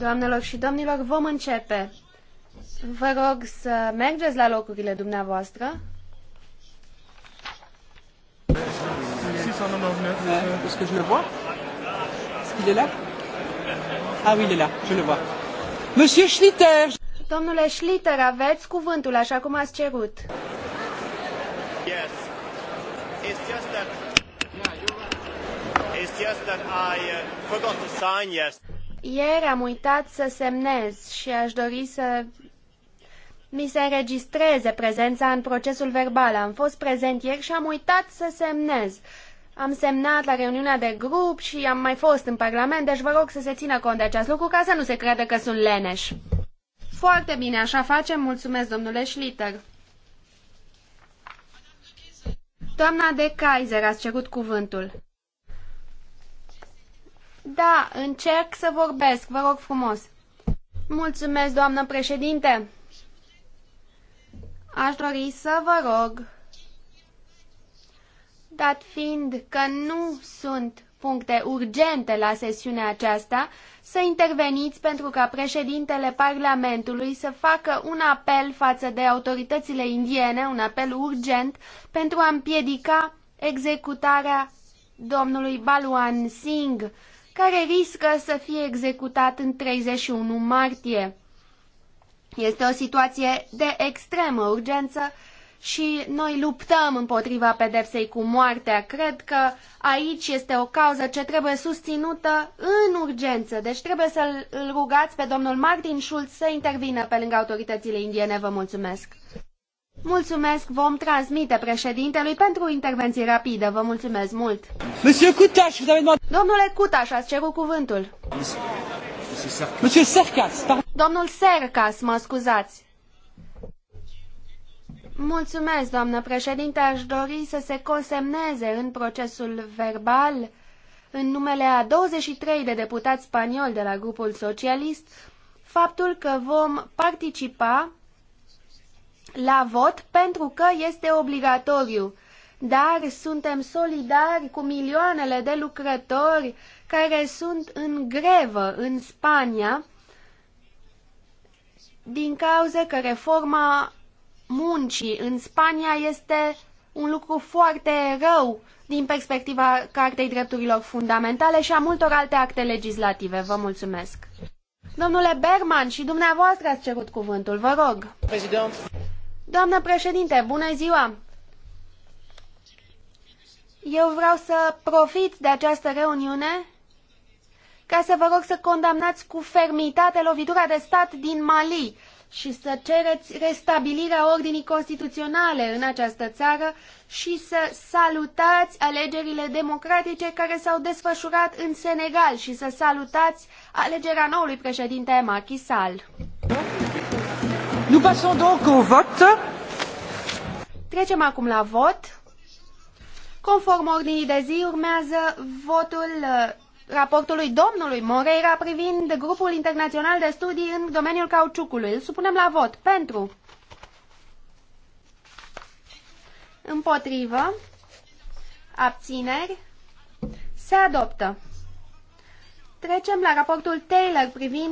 Doamnelor și domnilor, vom începe. Vă rog să mergeți la locurile dumneavoastră. Euh, ah Domnule Schlitter, aveți cuvântul, așa cum ați cerut. Yes. It's just Eh, ieri am uitat să semnez și aș dori să mi se înregistreze prezența în procesul verbal. Am fost prezent ieri și am uitat să semnez. Am semnat la reuniunea de grup și am mai fost în Parlament, deci vă rog să se țină cont de acest lucru ca să nu se crede că sunt leneș. Foarte bine, așa facem. Mulțumesc, domnule Schlitter. Doamna de Kaiser, ați cerut cuvântul. Da, încerc să vorbesc, vă rog frumos. Mulțumesc, doamnă președinte. Aș dori să vă rog, dat fiind că nu sunt puncte urgente la sesiunea aceasta, să interveniți pentru ca președintele Parlamentului să facă un apel față de autoritățile indiene, un apel urgent, pentru a împiedica executarea domnului Baluan Singh, care riscă să fie executat în 31 martie. Este o situație de extremă urgență și noi luptăm împotriva pedepsei cu moartea. Cred că aici este o cauză ce trebuie susținută în urgență. Deci trebuie să-l rugați pe domnul Martin Schulz să intervină pe lângă autoritățile indiene. Vă mulțumesc! Mulțumesc, vom transmite președintelui pentru intervenții rapidă. Vă mulțumesc mult. Domnule Cutaș, ați cerut cuvântul. Domnul Sercas, mă scuzați. Mulțumesc, doamnă președinte. Aș dori să se consemneze în procesul verbal în numele a 23 de deputați spanioli de la grupul socialist faptul că vom participa la vot pentru că este obligatoriu. Dar suntem solidari cu milioanele de lucrători care sunt în grevă în Spania din cauza că reforma muncii în Spania este un lucru foarte rău din perspectiva Cartei Drepturilor Fundamentale și a multor alte acte legislative. Vă mulțumesc! Domnule Berman, și dumneavoastră ați cerut cuvântul, vă rog. Doamnă președinte, bună ziua! Eu vreau să profit de această reuniune ca să vă rog să condamnați cu fermitate lovitura de stat din Mali și să cereți restabilirea ordinii constituționale în această țară și să salutați alegerile democratice care s-au desfășurat în Senegal și să salutați alegerea noului președinte Macky Sall. Nous passons donc au vote. Trecem acum la vot. Conform ordinii de zi, urmează votul uh, raportului domnului Moreira privind grupul internațional de studii în domeniul cauciucului. Îl supunem la vot. Pentru. Împotrivă. Abțineri. Se adoptă. Trecem la raportul Taylor privind